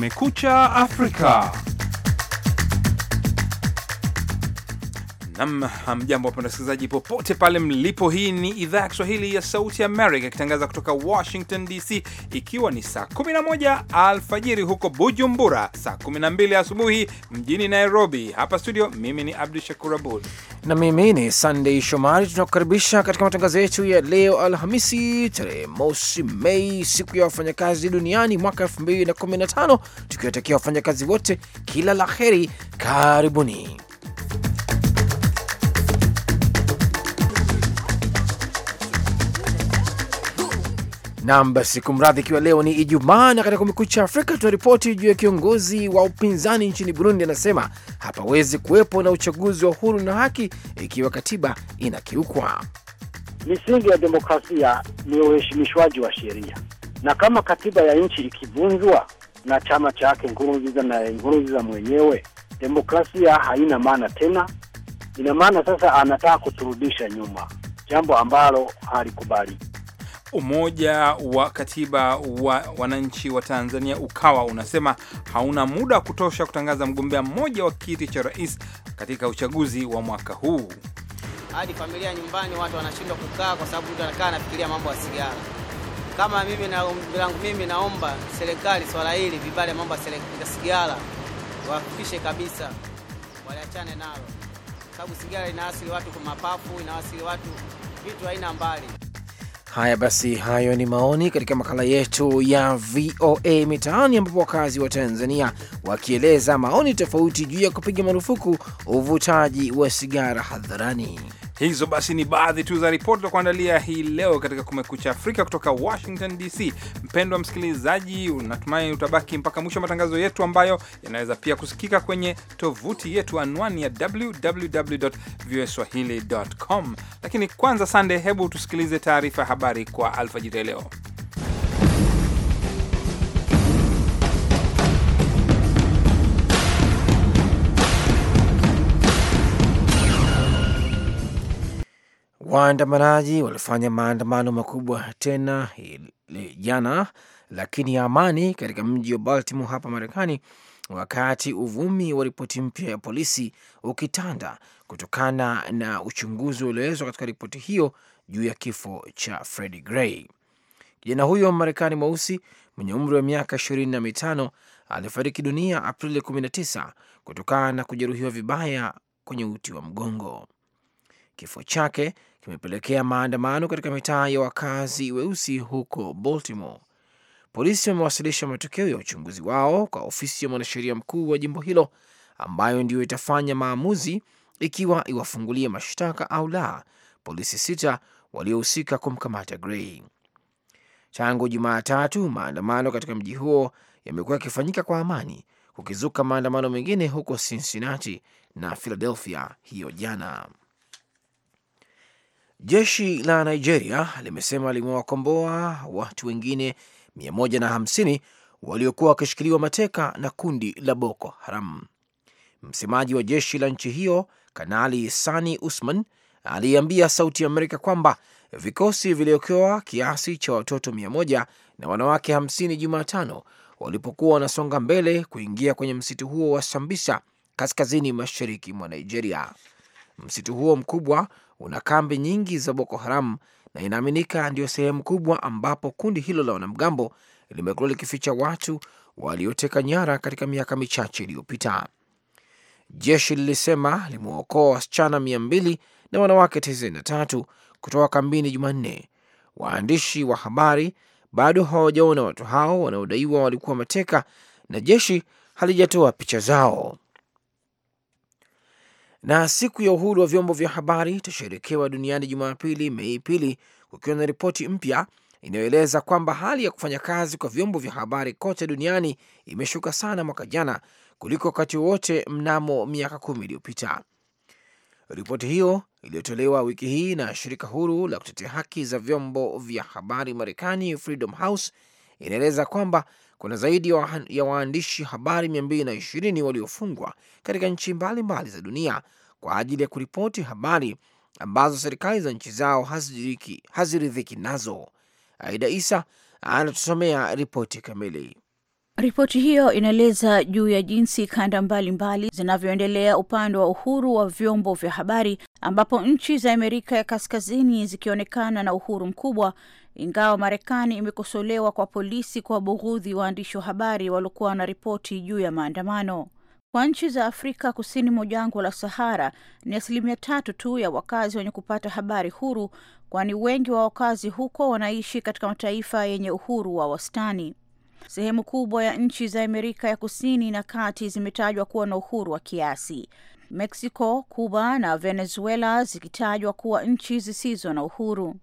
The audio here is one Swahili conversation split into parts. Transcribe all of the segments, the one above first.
Kumekucha Afrika. Nam, hamjambo wapenda wasikilizaji popote pale mlipo. Hii ni idhaa ya Kiswahili ya Sauti Amerika ikitangaza kutoka Washington DC, ikiwa ni saa 11 alfajiri huko Bujumbura, saa 12 asubuhi mjini Nairobi. Hapa studio, mimi ni Abdu Shakur Abud na mimi ni Sandey Shomari. Tunakukaribisha katika matangazo yetu ya leo Alhamisi tarehe mosi Mei, siku ya wafanyakazi duniani mwaka 2015, tukiwatakia wafanyakazi wote kila la heri. Karibuni. Nam basi, kumradhi, ikiwa leo ni Ijumaa na katika Kumekucha Afrika tunaripoti juu ya kiongozi wa upinzani nchini Burundi anasema hapawezi kuwepo na uchaguzi wa huru na haki ikiwa katiba inakiukwa. Misingi ya demokrasia ni uheshimishwaji wa sheria, na kama katiba ya nchi ikivunjwa na chama chake Nkurunziza na Nkurunziza mwenyewe, demokrasia haina maana tena. Ina maana sasa anataka kuturudisha nyuma, jambo ambalo halikubaliki. Umoja wa Katiba wa Wananchi wa Tanzania Ukawa unasema hauna muda wa kutosha kutangaza mgombea mmoja wa kiti cha rais katika uchaguzi wa mwaka huu. Hadi familia nyumbani, watu wanashindwa kukaa kwa sababu mtu anakaa anafikiria mambo ya sigara. Kama mimi na um, langu mimi, naomba serikali swala hili vibale mambo ya sigara wafikishe kabisa, waliachane nalo, sababu sigara inaasili watu kwa mapafu, inaasili watu vitu aina mbali Haya basi, hayo ni maoni katika makala yetu ya VOA Mitaani, ambapo wakazi wa Tanzania wakieleza maoni tofauti juu ya kupiga marufuku uvutaji wa sigara hadharani. Hizo basi ni baadhi tu za ripoti za kuandalia hii leo katika Kumekucha Afrika kutoka Washington DC. Mpendwa msikilizaji, unatumai utabaki mpaka mwisho wa matangazo yetu ambayo yanaweza pia kusikika kwenye tovuti yetu, anwani ya www swahilicom Lakini kwanza, Sande, hebu tusikilize taarifa ya habari kwa alfajiri leo. Waandamanaji walifanya maandamano makubwa tena jana, lakini ya amani katika mji wa Baltimore hapa Marekani, wakati uvumi wa ripoti mpya ya polisi ukitanda kutokana na uchunguzi ulioelezwa katika ripoti hiyo juu ya kifo cha Freddie Gray. Kijana huyo wa Marekani mweusi mwenye umri wa miaka ishirini na mitano alifariki dunia Aprili 19 kutokana na kujeruhiwa vibaya kwenye uti wa mgongo. Kifo chake kimepelekea maandamano katika mitaa ya wakazi weusi huko Baltimore. Polisi wamewasilisha matokeo ya uchunguzi wao kwa ofisi ya mwanasheria mkuu wa jimbo hilo ambayo ndiyo itafanya maamuzi ikiwa iwafungulie mashtaka au la polisi sita waliohusika kumkamata Gray. Tangu Jumatatu, maandamano katika mji huo yamekuwa yakifanyika kwa amani, kukizuka maandamano mengine huko Cincinnati na Philadelphia hiyo jana. Jeshi la Nigeria limesema limewakomboa watu wengine 150 waliokuwa wakishikiliwa mateka na kundi la Boko Haram. Msemaji wa jeshi la nchi hiyo Kanali Sani Usman aliambia Sauti ya Amerika kwamba vikosi viliokoa kiasi cha watoto 100 na wanawake 50 Jumatano walipokuwa wanasonga mbele kuingia kwenye msitu huo wa Sambisa kaskazini mashariki mwa Nigeria. Msitu huo mkubwa una kambi nyingi za Boko Haram na inaaminika ndiyo sehemu kubwa ambapo kundi hilo la wanamgambo limekuwa likificha watu walioteka nyara katika miaka michache iliyopita. Jeshi lilisema limewaokoa wasichana mia mbili na wanawake tisini na tatu kutoka kambini Jumanne. Waandishi wa habari bado hawajaona watu hao wanaodaiwa walikuwa mateka na jeshi halijatoa picha zao. Na siku ya uhuru wa vyombo vya habari itasherekewa duniani Jumapili, Mei pili, kukiwa na ripoti mpya inayoeleza kwamba hali ya kufanya kazi kwa vyombo vya habari kote duniani imeshuka sana mwaka jana kuliko wakati wowote mnamo miaka kumi iliyopita. Ripoti hiyo iliyotolewa wiki hii na shirika huru la kutetea haki za vyombo vya habari Marekani, Freedom House, inaeleza kwamba kuna zaidi ya waandishi habari 220 waliofungwa katika nchi mbalimbali za dunia kwa ajili ya kuripoti habari ambazo serikali za nchi zao haziridhiki nazo. Aida Isa anatusomea ripoti kamili. Ripoti hiyo inaeleza juu ya jinsi kanda mbalimbali zinavyoendelea upande wa uhuru wa vyombo vya habari ambapo nchi za Amerika ya Kaskazini zikionekana na uhuru mkubwa, ingawa Marekani imekosolewa kwa polisi kwa bughudhi waandishi wa habari waliokuwa ripoti juu ya maandamano. Kwa nchi za Afrika kusini mwa jangwa la Sahara ni asilimia tatu tu ya wakazi wenye kupata habari huru, kwani wengi wa wakazi huko wanaishi katika mataifa yenye uhuru wa wastani. Sehemu kubwa ya nchi za Amerika ya kusini na kati zimetajwa kuwa na uhuru wa kiasi, Mexico, Cuba na Venezuela zikitajwa kuwa nchi zisizo na uhuru.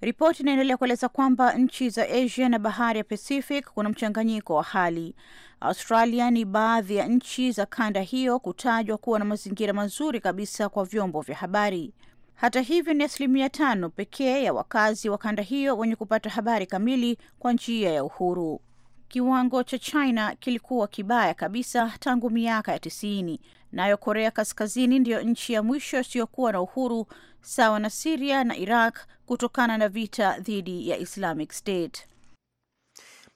Ripoti inaendelea kueleza kwamba nchi za Asia na bahari ya Pacific kuna mchanganyiko wa hali. Australia ni baadhi ya nchi za kanda hiyo kutajwa kuwa na mazingira mazuri kabisa kwa vyombo vya habari. Hata hivyo, ni asilimia tano pekee ya wakazi wa kanda hiyo wenye kupata habari kamili kwa njia ya uhuru. Kiwango cha China kilikuwa kibaya kabisa tangu miaka ya tisini nayo Korea Kaskazini ndiyo nchi ya mwisho isiyokuwa na uhuru sawa na Siria na Iraq kutokana na vita dhidi ya Islamic State.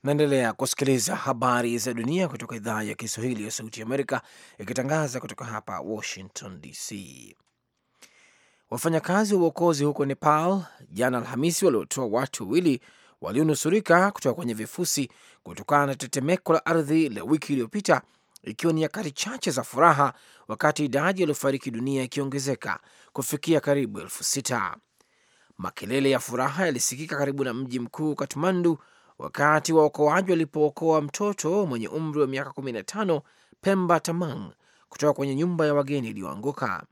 Naendelea kusikiliza habari za dunia kutoka idhaa ya Kiswahili ya Sauti Amerika ikitangaza kutoka hapa Washington DC. Wafanyakazi wa uokozi huko Nepal jana Alhamisi waliotoa watu wawili walionusurika kutoka kwenye vifusi kutokana na tetemeko la ardhi la wiki iliyopita ikiwa ni nyakati chache za furaha, wakati idadi yaliyofariki dunia ikiongezeka kufikia karibu elfu sita. Makelele ya furaha yalisikika karibu na mji mkuu Katmandu wakati waokoaji walipookoa mtoto mwenye umri wa miaka 15 Pemba Tamang kutoka kwenye nyumba ya wageni iliyoanguka.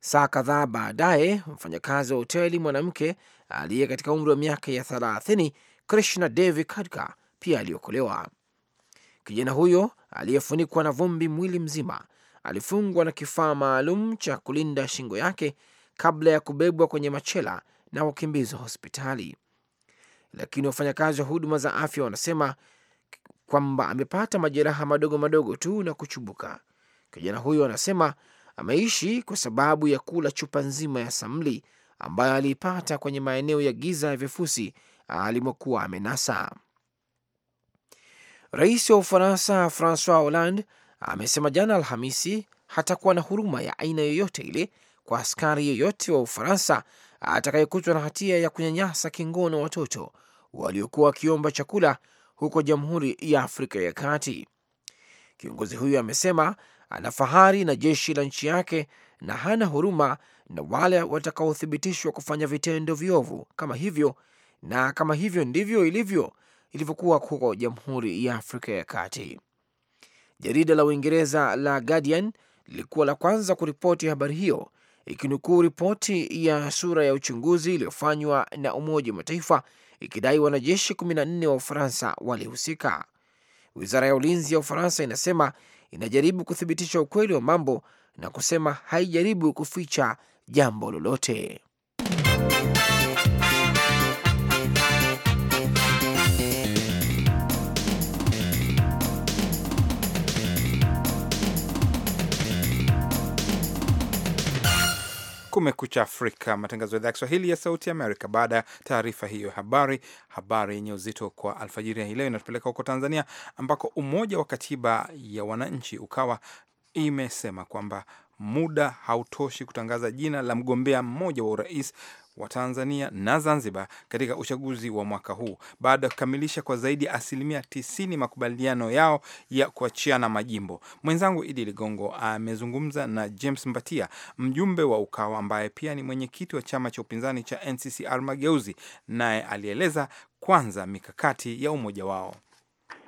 Saa kadhaa baadaye, mfanyakazi wa hoteli mwanamke aliye katika umri wa miaka ya 30, Krishna Devi Kadka, pia aliokolewa. Kijana huyo aliyefunikwa na vumbi mwili mzima, alifungwa na kifaa maalum cha kulinda shingo yake kabla ya kubebwa kwenye machela na kukimbizwa hospitali. Lakini wafanyakazi wa huduma za afya wanasema kwamba amepata majeraha madogo madogo tu na kuchubuka. Kijana huyo anasema ameishi kwa sababu ya kula chupa nzima ya samli ambayo aliipata kwenye maeneo ya giza ya vifusi alimokuwa amenasa. Rais wa Ufaransa Francois Hollande amesema jana Alhamisi hatakuwa na huruma ya aina yoyote ile kwa askari yoyote wa Ufaransa atakayekutwa na hatia ya kunyanyasa kingono watoto waliokuwa wakiomba chakula huko Jamhuri ya Afrika ya Kati. Kiongozi huyo amesema ana fahari na jeshi la nchi yake na hana huruma na wale watakaothibitishwa kufanya vitendo viovu kama hivyo, na kama hivyo ndivyo ilivyo, ilivyokuwa huko Jamhuri ya Afrika ya Kati. Jarida la Uingereza la Guardian lilikuwa la kwanza kuripoti habari hiyo, ikinukuu ripoti ya sura ya uchunguzi iliyofanywa na Umoja wa Mataifa ikidai wanajeshi 14 wa Ufaransa walihusika. Wizara ya ulinzi ya Ufaransa inasema inajaribu kuthibitisha ukweli wa mambo na kusema haijaribu kuficha jambo lolote. Kumekucha Afrika, matangazo ya idhaa ya Kiswahili ya Sauti Amerika. Baada ya taarifa hiyo habari, habari yenye uzito kwa alfajiri ya hii leo inatupeleka huko Tanzania, ambako Umoja wa Katiba ya Wananchi Ukawa imesema kwamba muda hautoshi kutangaza jina la mgombea mmoja wa urais wa Tanzania na Zanzibar katika uchaguzi wa mwaka huu baada ya kukamilisha kwa zaidi ya asilimia tisini makubaliano yao ya kuachiana majimbo. Mwenzangu Idi Ligongo amezungumza na James Mbatia, mjumbe wa Ukawa ambaye pia ni mwenyekiti wa chama cha upinzani cha NCCR Mageuzi, naye alieleza kwanza mikakati ya umoja wao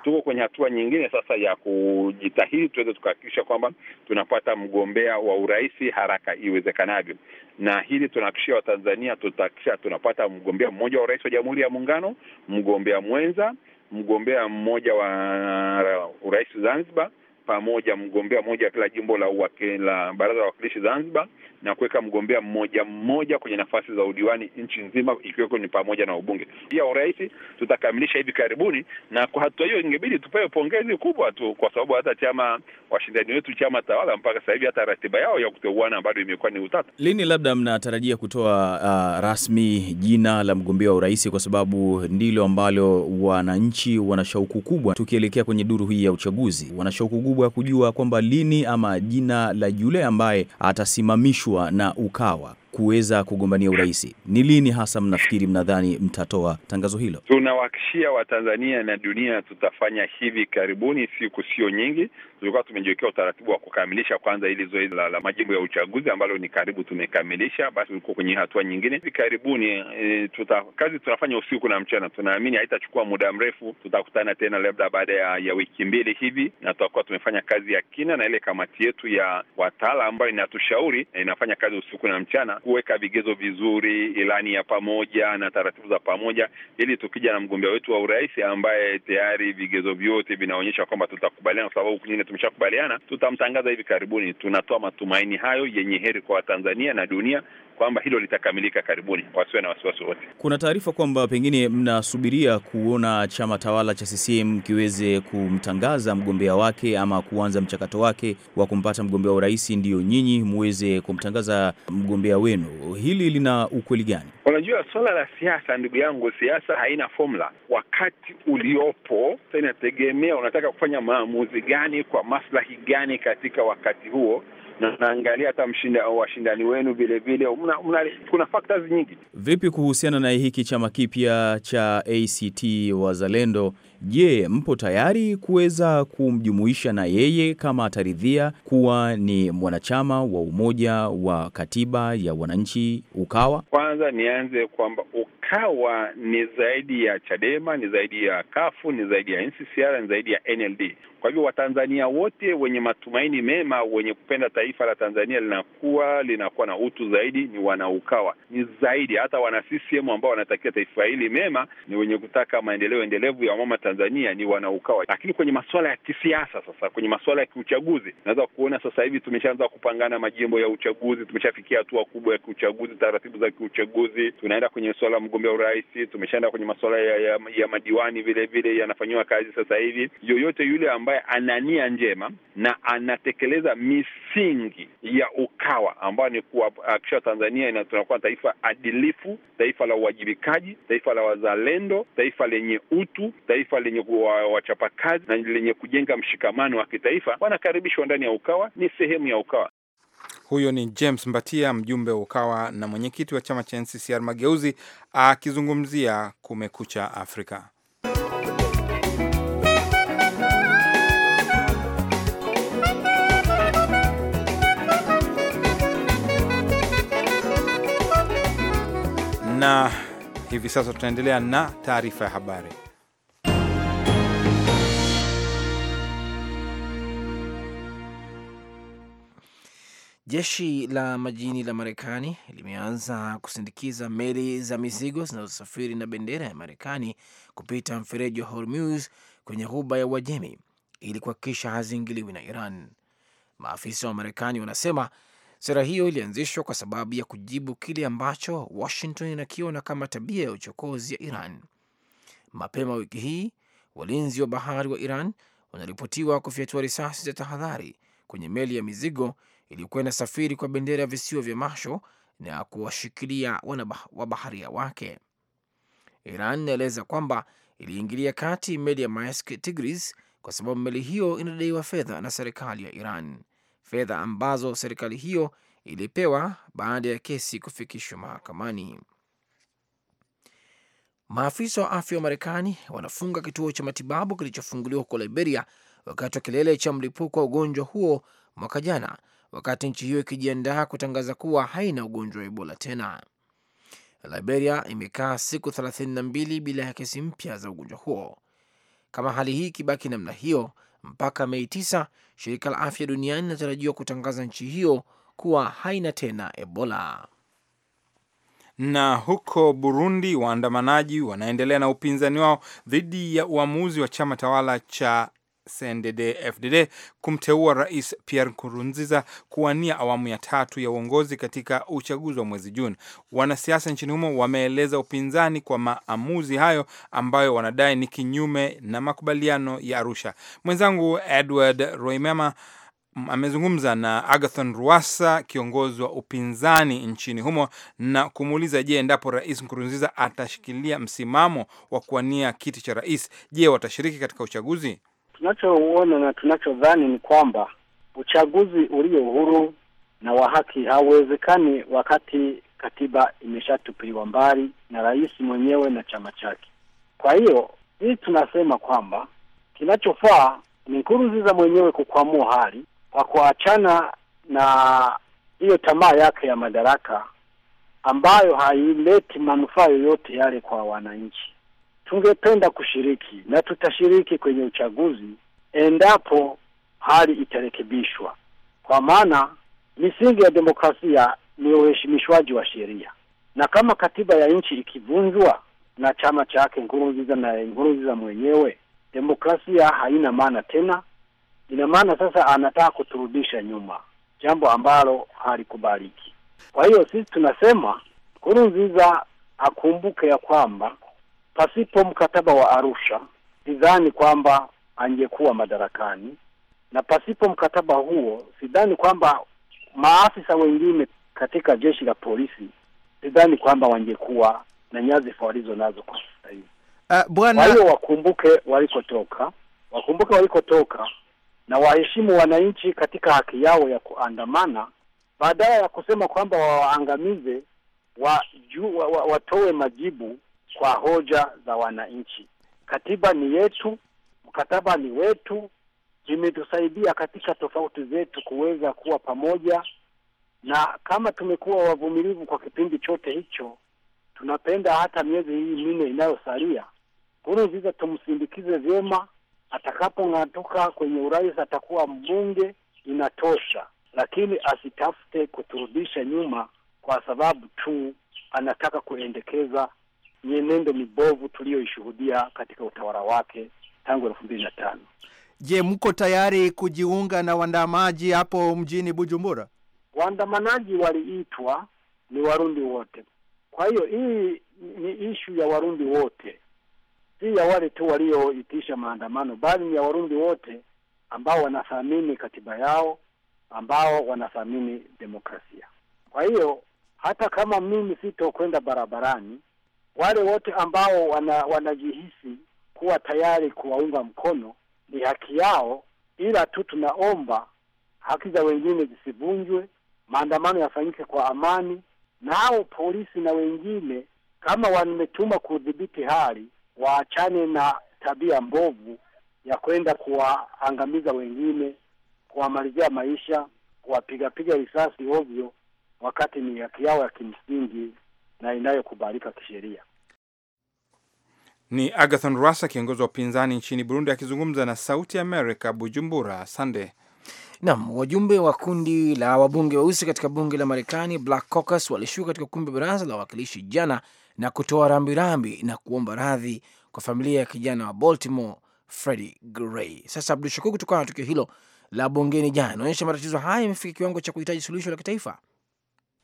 tuko kwenye hatua nyingine sasa ya kujitahidi tuweze tukahakikisha kwamba tunapata mgombea wa urais haraka iwezekanavyo, na hili tunahakikishia Watanzania, tutahakikisha tunapata mgombea mmoja wa urais wa Jamhuri ya Muungano, mgombea mwenza, mgombea mmoja wa urais Zanzibar pamoja mgombea mmoja wa kila jimbo la, la baraza la wakilishi Zanzibar na kuweka mgombea mmoja mmoja kwenye nafasi za udiwani nchi nzima, ikiweko ni pamoja na ubunge. Pia urais tutakamilisha hivi karibuni, na kwa hatua hiyo ingebidi tupewe pongezi kubwa tu, kwa sababu hata chama washindani wetu chama tawala mpaka sasa hivi hata ratiba yao ya kuteuana bado imekuwa ni utata. Lini labda mnatarajia kutoa uh, rasmi jina la mgombea wa urais, kwa sababu ndilo ambalo wananchi wana shauku kubwa, tukielekea kwenye duru hii ya uchaguzi, wana shauku kubwa ya kujua kwamba lini ama jina la yule ambaye atasimamishwa kuitwa na Ukawa kuweza kugombania urais. Ni lini hasa mnafikiri, mnadhani mtatoa tangazo hilo? tunawakishia Watanzania na dunia tutafanya hivi karibuni, siku sio nyingi tulikuwa tumejiwekea utaratibu wa kukamilisha kwanza hili zoezi la, la majimbo ya uchaguzi ambalo ni karibu tumekamilisha. Basi tulikuwa kwenye hatua nyingine. Hivi karibuni e, tuta, kazi tunafanya usiku na mchana, tunaamini haitachukua muda mrefu. Tutakutana tena labda baada ya, ya wiki mbili hivi, na tutakuwa tumefanya kazi ya kina, na ile kamati yetu ya wataala ambayo inatushauri na e, inafanya kazi usiku na mchana kuweka vigezo vizuri, ilani ya pamoja na taratibu za pamoja, ili tukija na mgombea wetu wa urais ambaye tayari vigezo vyote vinaonyesha kwamba tutakubaliana kwa sababu nyingine tumeshakubaliana, tutamtangaza hivi karibuni. Tunatoa matumaini hayo yenye heri kwa Watanzania na dunia kwamba hilo litakamilika karibuni, wasiwe na wasiwasi wote. Kuna taarifa kwamba pengine mnasubiria kuona chama tawala cha CCM kiweze kumtangaza mgombea wake ama kuanza mchakato wake wa kumpata mgombea wa urais, ndiyo nyinyi muweze kumtangaza mgombea wenu. Hili lina ukweli gani? Unajua, swala la siasa, ndugu yangu, siasa haina formula. Wakati uliopo inategemea unataka kufanya maamuzi gani kwa maslahi gani katika wakati huo na naangalia hata mshinda au washindani wenu vilevile, kuna factors nyingi. Vipi kuhusiana na hiki chama kipya cha ACT Wazalendo? Je, mpo tayari kuweza kumjumuisha na yeye kama ataridhia kuwa ni mwanachama wa Umoja wa Katiba ya Wananchi Ukawa? Kwanza nianze kwamba Ukawa ni zaidi ya Chadema, ni zaidi ya Kafu, ni zaidi ya NCCR, ni zaidi ya NLD. Kwa hivyo Watanzania wote wenye matumaini mema, wenye kupenda taifa la Tanzania linakuwa linakuwa na utu zaidi ni wanaukawa ni zaidi, hata wana CCM ambao wanatakia taifa hili mema, ni wenye kutaka maendeleo endelevu ya mama Tanzania ni wanaukawa. Lakini kwenye masuala ya kisiasa sasa, kwenye masuala ya kiuchaguzi, naweza kuona sasa hivi tumeshaanza kupangana majimbo ya uchaguzi, tumeshafikia hatua kubwa ya kiuchaguzi, taratibu za kiuchaguzi, tunaenda kwenye masuala ya mgombea urais, tumeshaenda kwenye masuala ya, ya, ya madiwani, vilevile yanafanyiwa kazi sasa hivi. Yoyote yule ambaye ambaye ana nia njema na anatekeleza misingi ya UKAWA ambayo ni kuhakikisha uh, Tanzania tunakuwa taifa adilifu, taifa la uwajibikaji, taifa la wazalendo, taifa lenye utu, taifa lenye wachapakazi na lenye kujenga mshikamano wa kitaifa, wanakaribishwa ndani ya UKAWA, ni sehemu ya UKAWA. Huyo ni James Mbatia, mjumbe wa UKAWA na mwenyekiti wa chama cha NCCR Mageuzi, akizungumzia Kumekucha Afrika. na hivi sasa tunaendelea na taarifa ya habari. Jeshi la majini la Marekani limeanza kusindikiza meli za mizigo zinazosafiri na bendera ya Marekani kupita mfereji wa Hormuz kwenye ghuba ya Uajemi ili kuhakikisha haziingiliwi na Iran. Maafisa wa Marekani wanasema Sera hiyo ilianzishwa kwa sababu ya kujibu kile ambacho Washington inakiona kama tabia ya uchokozi ya Iran. Mapema wiki hii, walinzi wa bahari wa Iran wanaripotiwa kufyatua risasi za tahadhari kwenye meli ya mizigo iliyokuwa inasafiri kwa bendera ya visiwa vya Masho na kuwashikilia wabaharia wake. Iran inaeleza kwamba iliingilia kati meli ya Maersk Tigris kwa sababu meli hiyo inadaiwa fedha na serikali ya Iran fedha ambazo serikali hiyo ilipewa baada ya kesi kufikishwa mahakamani. Maafisa wa afya wa Marekani wanafunga kituo cha matibabu kilichofunguliwa huko Liberia wakati wa kilele cha mlipuko wa ugonjwa huo mwaka jana, wakati nchi hiyo ikijiandaa kutangaza kuwa haina ugonjwa wa Ebola tena. Liberia imekaa siku 32 bila ya kesi mpya za ugonjwa huo. Kama hali hii ikibaki namna hiyo, mpaka Mei 9 shirika la afya duniani linatarajiwa kutangaza nchi hiyo kuwa haina tena Ebola. Na huko Burundi, waandamanaji wanaendelea na upinzani wao dhidi ya uamuzi wa chama tawala cha CNDD-FDD kumteua Rais Pierre Nkurunziza kuwania awamu ya tatu ya uongozi katika uchaguzi wa mwezi Juni. Wanasiasa nchini humo wameeleza upinzani kwa maamuzi hayo ambayo wanadai ni kinyume na makubaliano ya Arusha. Mwenzangu Edward Roimema mm, amezungumza na Agathon Ruasa, kiongozi wa upinzani nchini humo, na kumuuliza je, endapo Rais Nkurunziza atashikilia msimamo wa kuwania kiti cha rais, je, watashiriki katika uchaguzi? Tunachoona na tunachodhani ni kwamba uchaguzi ulio huru na wa haki hauwezekani wakati katiba imeshatupiliwa mbali na rais mwenyewe na chama chake. Kwa hiyo hii tunasema kwamba kinachofaa ni Nkurunziza mwenyewe kukwamua hali kwa kuachana na hiyo tamaa yake ya madaraka ambayo haileti manufaa yoyote yale kwa wananchi. Tungependa kushiriki na tutashiriki kwenye uchaguzi endapo hali itarekebishwa, kwa maana misingi ya demokrasia ni uheshimishwaji wa sheria, na kama katiba ya nchi ikivunjwa na chama chake Nkurunziza na Nkurunziza mwenyewe, demokrasia haina maana tena. Ina maana sasa anataka kuturudisha nyuma, jambo ambalo halikubaliki. Kwa hiyo sisi tunasema Nkurunziza akumbuke ya kwamba Pasipo mkataba wa Arusha sidhani kwamba angekuwa madarakani, na pasipo mkataba huo sidhani kwamba maafisa wengine katika jeshi la polisi sidhani kwamba wangekuwa na nyadhifa walizo nazo kwa sasa hivi. Uh, bwana... kwa hiyo wakumbuke walikotoka, wakumbuke walikotoka na waheshimu wananchi katika haki yao ya kuandamana, badala ya kusema kwamba wawaangamize, watoe wa, wa, watoe majibu kwa hoja za wananchi. Katiba ni yetu, mkataba ni wetu, zimetusaidia katika tofauti zetu kuweza kuwa pamoja, na kama tumekuwa wavumilivu kwa kipindi chote hicho, tunapenda hata miezi hii minne inayosalia Nkurunziza tumsindikize vyema, atakapong'atuka kwenye urais atakuwa mbunge, inatosha, lakini asitafute kuturudisha nyuma kwa sababu tu anataka kuendekeza mienendo mibovu tuliyoishuhudia katika utawala wake tangu elfu mbili na tano. Je, mko tayari kujiunga na waandamaji hapo mjini Bujumbura? Waandamanaji waliitwa ni Warundi wote. Kwa hiyo hii ni ishu ya Warundi wote, si ya wale tu walioitisha maandamano, bali ni ya Warundi wote ambao wanathamini katiba yao, ambao wanathamini demokrasia. Kwa hiyo hata kama mimi sitokwenda barabarani, wale wote ambao wana, wanajihisi kuwa tayari kuwaunga mkono ni haki yao, ila tu tunaomba haki za wengine zisivunjwe, maandamano yafanyike kwa amani, nao polisi na wengine kama wametuma kudhibiti hali waachane na tabia mbovu ya kwenda kuwaangamiza wengine, kuwamalizia maisha, kuwapigapiga risasi ovyo, wakati ni haki yao ya kimsingi na inayokubalika kisheria. Ni Agathon Rwasa, kiongozi wa upinzani nchini Burundi, akizungumza na Sauti Amerika Bujumbura. Sande nam. Wajumbe wa kundi la wabunge weusi katika bunge la Marekani, Black Caucus, walishuka katika ukumbi wa baraza la wawakilishi jana na kutoa rambirambi na kuomba radhi kwa familia ya kijana wa Baltimore Freddie Gray. Sasa Abdu Shakur, kutokana na tukio hilo la bungeni jana, inaonyesha matatizo haya yamefika kiwango cha kuhitaji suluhisho la kitaifa.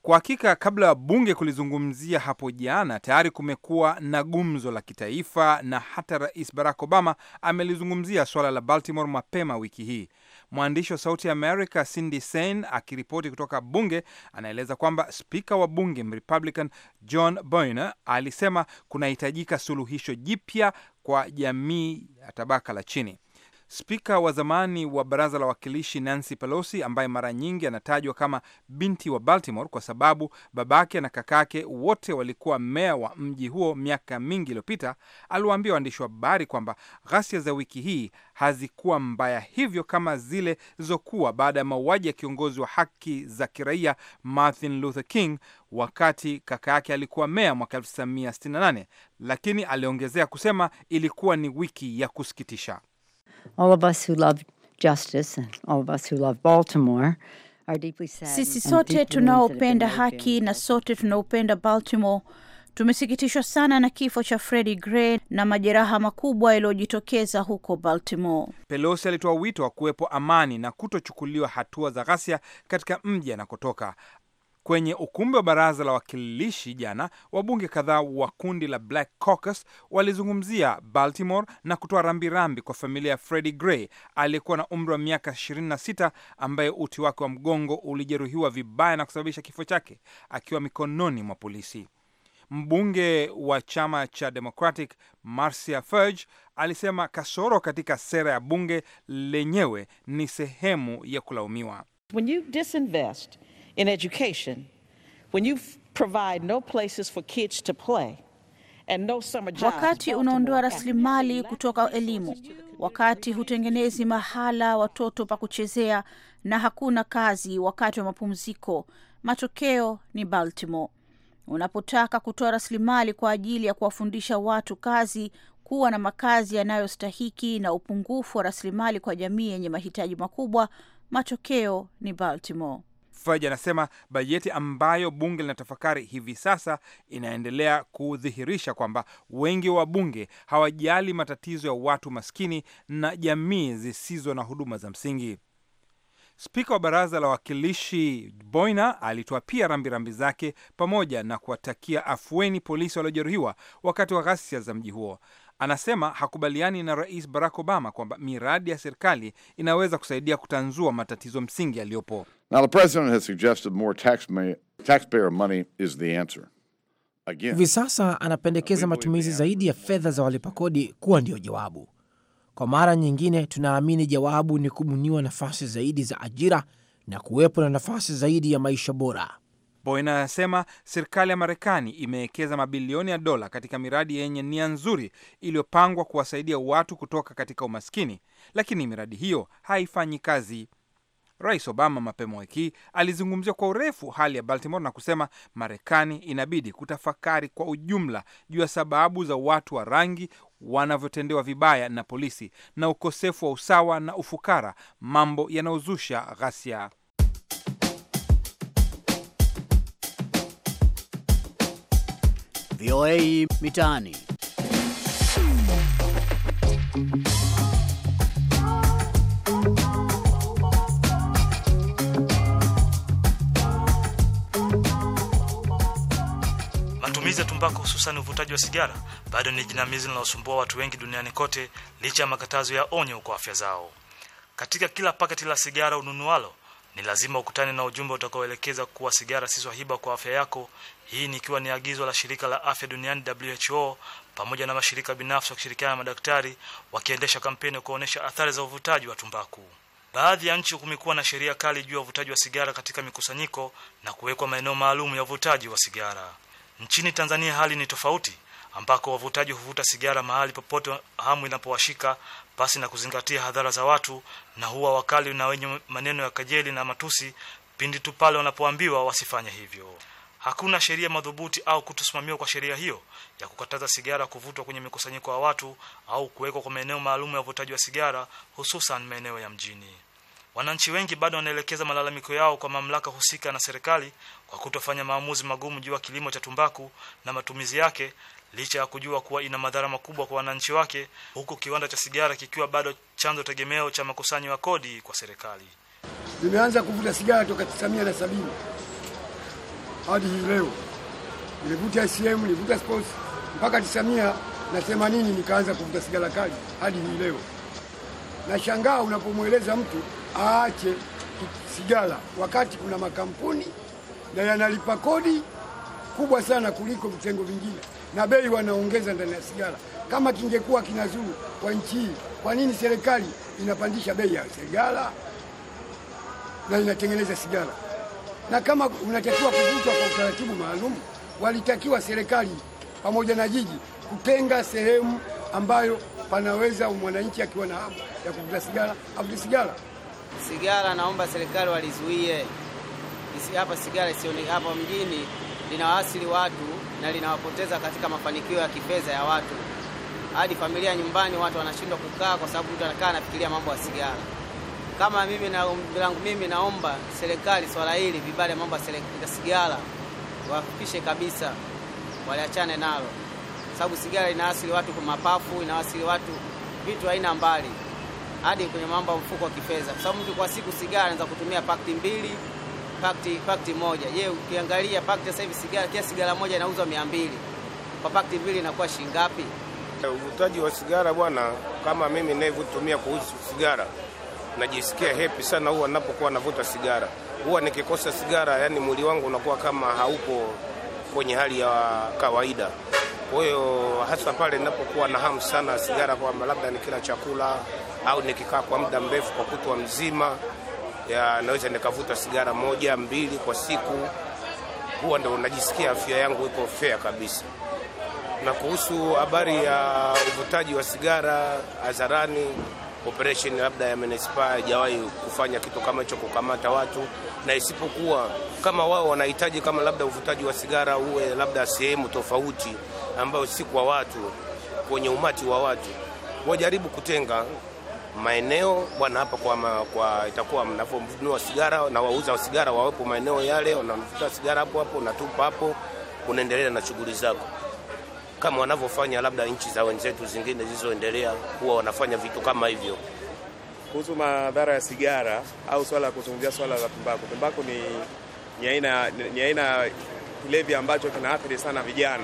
Kwa hakika kabla ya bunge kulizungumzia hapo jana, tayari kumekuwa na gumzo la kitaifa na hata Rais Barack Obama amelizungumzia suala la Baltimore mapema wiki hii. Mwandishi wa Sauti ya America Cindy Sein akiripoti kutoka bunge anaeleza kwamba spika wa bunge Mrepublican John Boehner alisema kunahitajika suluhisho jipya kwa jamii ya tabaka la chini. Spika wa zamani wa baraza la wawakilishi Nancy Pelosi, ambaye mara nyingi anatajwa kama binti wa Baltimore kwa sababu babake na kakake wote walikuwa meya wa mji huo miaka mingi iliyopita, aliwaambia waandishi wa habari kwamba ghasia za wiki hii hazikuwa mbaya hivyo kama zile zilizokuwa baada ya mauaji ya kiongozi wa haki za kiraia Martin Luther King wakati kaka yake alikuwa meya mwaka 1968, lakini aliongezea kusema ilikuwa ni wiki ya kusikitisha all of us who love justice and all of us who love Baltimore are deeply sad. Sisi sote tunaopenda haki na sote tunaopenda Baltimore tumesikitishwa sana na kifo cha Freddie Gray na majeraha makubwa yaliyojitokeza huko Baltimore. Pelosi alitoa wito wa kuwepo amani na kutochukuliwa hatua za ghasia katika mji anakotoka. Kwenye ukumbi wa baraza la wakilishi jana, wabunge kadhaa wa kundi la Black Caucus walizungumzia Baltimore na kutoa rambirambi kwa familia ya Freddie Gray aliyekuwa na umri wa miaka 26 ambaye uti wake wa mgongo ulijeruhiwa vibaya na kusababisha kifo chake akiwa mikononi mwa polisi. Mbunge wa chama cha Democratic Marcia Fudge alisema kasoro katika sera ya bunge lenyewe ni sehemu ya kulaumiwa. When you disinvest in education, when you provide no places for kids to play, and no summer jobs, wakati unaondoa rasilimali kutoka elimu, wakati hutengenezi mahala watoto pa kuchezea na hakuna kazi wakati wa mapumziko, matokeo ni Baltimore. Unapotaka kutoa rasilimali kwa ajili ya kuwafundisha watu kazi, kuwa na makazi yanayostahiki na upungufu wa rasilimali kwa jamii yenye mahitaji makubwa, matokeo ni Baltimore. Faji anasema bajeti ambayo bunge linatafakari hivi sasa inaendelea kudhihirisha kwamba wengi wa bunge hawajali matatizo ya watu maskini na jamii zisizo na huduma za msingi. Spika wa baraza la wawakilishi Boina alitoa pia rambirambi zake pamoja na kuwatakia afueni polisi waliojeruhiwa wakati wa ghasia za mji huo. Anasema hakubaliani na Rais Barack Obama kwamba miradi ya serikali inaweza kusaidia kutanzua matatizo msingi yaliyopo. Now, the president has suggested more tax taxpayer money is the answer. Again, hivi sasa anapendekeza matumizi zaidi ya fedha za walipa kodi kuwa ndiyo jawabu. Kwa mara nyingine, tunaamini jawabu ni kubuniwa nafasi zaidi za ajira na kuwepo na nafasi zaidi ya maisha bora. Boyne anasema serikali ya Marekani imewekeza mabilioni ya dola katika miradi yenye nia nzuri iliyopangwa kuwasaidia watu kutoka katika umaskini, lakini miradi hiyo haifanyi kazi. Rais Obama mapema wiki alizungumzia kwa urefu hali ya Baltimore na kusema Marekani inabidi kutafakari kwa ujumla juu ya sababu za watu wa rangi wanavyotendewa vibaya na polisi na ukosefu wa usawa na ufukara, mambo yanayozusha ghasia. VOA Mitaani. Matumizi ya tumbaku hususan uvutaji wa sigara bado ni jinamizi linalosumbua watu wengi duniani kote licha ya makatazo ya onyo kwa afya zao. Katika kila paketi la sigara ununualo ni lazima ukutane na ujumbe utakaoelekeza kuwa sigara si swahiba kwa afya yako. Hii ni ikiwa ni agizo la shirika la afya duniani WHO pamoja na mashirika binafsi wakishirikiana na madaktari wakiendesha kampeni kuonyesha athari za uvutaji wa tumbaku. Baadhi ya nchi kumekuwa na sheria kali juu ya uvutaji wa sigara katika mikusanyiko na kuwekwa maeneo maalum ya uvutaji wa sigara. Nchini Tanzania hali ni tofauti, ambako wavutaji huvuta sigara mahali popote hamu inapowashika pasi na kuzingatia hadhara za watu, na huwa wakali na wenye maneno ya kejeli na matusi pindi tu pale wanapoambiwa wasifanye hivyo. Hakuna sheria madhubuti au kutosimamiwa kwa sheria hiyo ya kukataza sigara kuvutwa kwenye mikusanyiko ya watu au kuwekwa kwa maeneo maalum ya uvutaji wa sigara, hususan maeneo ya mjini. Wananchi wengi bado wanaelekeza malalamiko yao kwa mamlaka husika na serikali kwa kutofanya maamuzi magumu juu ya kilimo cha tumbaku na matumizi yake licha ya kujua kuwa ina madhara makubwa kwa wananchi wake, huku kiwanda cha sigara kikiwa bado chanzo tegemeo cha makusanyo ya kodi kwa serikali. Nimeanza kuvuta sigara toka tisa mia na sabini hadi hii leo, nilivuta ICM, nilivuta sports mpaka tisa mia na themanini nikaanza kuvuta sigara kali hadi hii leo. Nashangaa unapomweleza mtu aache sigara, wakati kuna makampuni na yanalipa kodi kubwa sana kuliko vitengo vingine, na bei wanaongeza ndani ya sigara. Kama kingekuwa kinazuru kwa nchi hii, kwa nini serikali inapandisha bei ya sigara na inatengeneza sigara? Na kama unatakiwa kuvutwa kwa utaratibu maalum, walitakiwa serikali pamoja na jiji kutenga sehemu ambayo panaweza mwananchi akiwa na hamu ya kuvuta sigara avute sigara sigara naomba serikali walizuie hapa, sigara sioni hapa mjini, linawaasili watu na linawapoteza katika mafanikio ya kifedha ya watu, hadi familia nyumbani, watu wanashindwa kukaa kwa sababu mtu anakaa anafikiria mambo ya sigara. Kama mimi na um- langu mimi, naomba serikali swala hili, vibale mambo ya sigara wafikishe kabisa, waliachane nalo, sababu sigara inaasili watu kwa mapafu, inaasili watu vitu aina mbali hadi kwenye mambo ya mfuko wa kifedha, kwa sababu mtu kwa siku sigara anaweza kutumia pakti mbili, pakti pakti moja. Je, ukiangalia pakti sasa hivi sigara, kila sigara moja inauzwa mia mbili, kwa pakti mbili inakuwa shilingi ngapi? Eh, uvutaji wa sigara bwana, kama mimi ninayevutumia kuhusu sigara, najisikia hepi sana huwa ninapokuwa navuta sigara. Huwa nikikosa sigara, yani mwili wangu unakuwa kama haupo kwenye hali ya kawaida. Kwa hiyo hasa pale ninapokuwa na hamu sana sigara, kwamba labda ni kila chakula au nikikaa kwa muda mrefu kwa kutwa mzima, naweza nikavuta sigara moja mbili kwa siku, huwa ndo najisikia afya yangu iko fair kabisa. Na kuhusu habari ya uvutaji wa sigara hadharani, operation labda ya manispaa haijawahi kufanya kitu kama hicho, kukamata watu, na isipokuwa kama wao wanahitaji kama labda uvutaji wa sigara uwe labda sehemu tofauti ambayo si kwa watu, kwenye umati wa watu, wajaribu kutenga maeneo bwana, hapa kwa, ma, kwa itakuwa mnavyonunua sigara na wauza sigara wawepo maeneo yale, unavuta sigara hapo hapo, unatupa hapo, unaendelea na shughuli zako kama wanavyofanya labda nchi za wenzetu zingine zilizoendelea, huwa wanafanya vitu kama hivyo. Kuhusu madhara ya sigara au swala ya kuzungumzia swala la tumbaku, tumbaku ni ni aina ni aina kilevi ambacho kinaathiri sana vijana,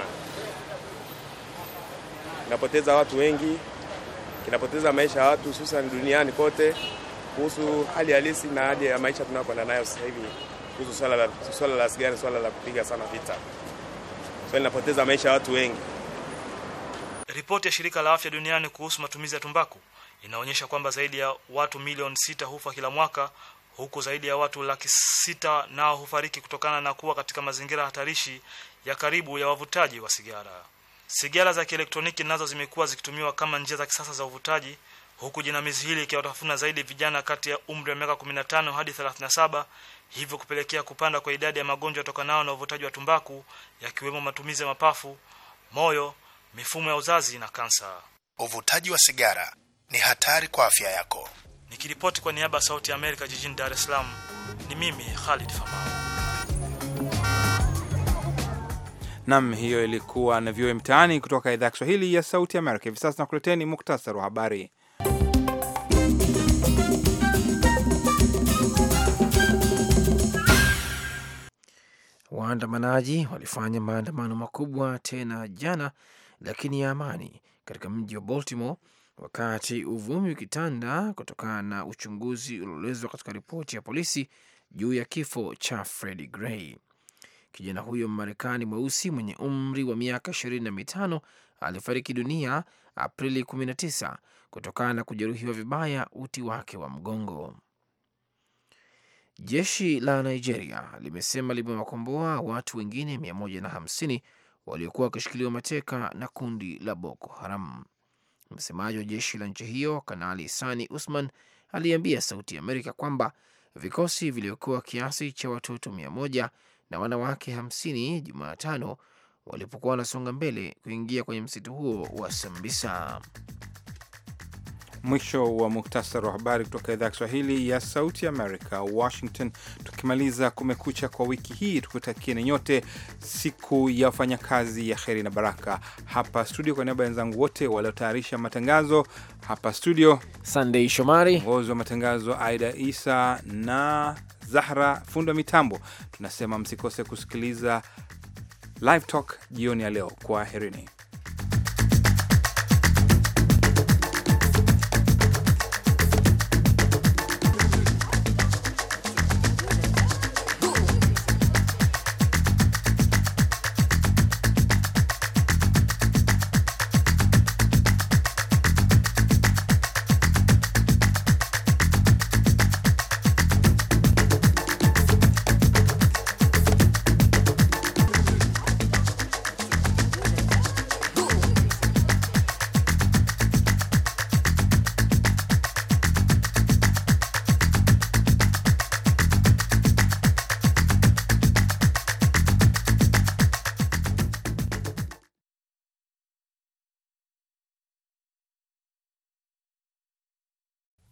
inapoteza watu wengi kinapoteza maisha ya watu hususan duniani kote, kuhusu hali halisi na hali ya maisha tunayokwenda nayo sasa hivi kuhusu swala la swala la sigara, swala la kupiga sana vita, so linapoteza maisha ya watu wengi. Ripoti ya shirika la afya duniani kuhusu matumizi ya tumbaku inaonyesha kwamba zaidi ya watu milioni sita hufa kila mwaka huku zaidi ya watu laki sita nao hufariki kutokana na kuwa katika mazingira hatarishi ya karibu ya wavutaji wa sigara. Sigara za kielektroniki nazo zimekuwa zikitumiwa kama njia za kisasa za uvutaji huku jinamizi hili ikiwatafuna zaidi vijana kati ya umri wa miaka 15 hadi 37, hivyo kupelekea kupanda kwa idadi ya magonjwa yatokanayo na uvutaji wa tumbaku yakiwemo matumizi ya mapafu, moyo, mifumo ya uzazi na kansa. Uvutaji wa sigara ni hatari kwa afya yako. Nikiripoti kwa niaba ya Sauti ya Amerika jijini Dar es Salaam, ni mimi Khalid Famau. Nam, hiyo ilikuwa na vyoe Mtaani kutoka idhaa ya Kiswahili ya Sauti Amerika. Hivi sasa nakuleteni muktasari wa habari. Waandamanaji walifanya maandamano makubwa tena jana, lakini ya amani katika mji wa Baltimore wakati uvumi ukitanda kutokana na uchunguzi ulioelezwa katika ripoti ya polisi juu ya kifo cha Freddie Gray. Kijana huyo Mmarekani mweusi mwenye umri wa miaka ishirini na mitano alifariki dunia Aprili 19 kutokana na kujeruhiwa vibaya uti wake wa mgongo. Jeshi la Nigeria limesema limewakomboa watu wengine 150 waliokuwa wakishikiliwa mateka na kundi la Boko Haram. Msemaji wa jeshi la nchi hiyo Kanali Sani Usman aliambia Sauti ya Amerika kwamba vikosi vilivyokuwa kiasi cha watoto mia moja na wanawake hamsini Jumatano walipokuwa wanasonga mbele kuingia kwenye msitu huo wa Sambisa. Mwisho wa muhtasari wa habari kutoka idhaa ya Kiswahili ya Sauti Amerika, Washington. Tukimaliza Kumekucha kwa wiki hii, tukutakieni nyote siku ya wafanyakazi ya heri na baraka. Hapa studio, kwa niaba ya wenzangu wote waliotayarisha matangazo hapa studio, Sandei Shomari, mwongozi wa matangazo Aida Isa na Zahra fundi wa mitambo. Tunasema msikose kusikiliza Live Talk jioni ya leo. Kwaherini.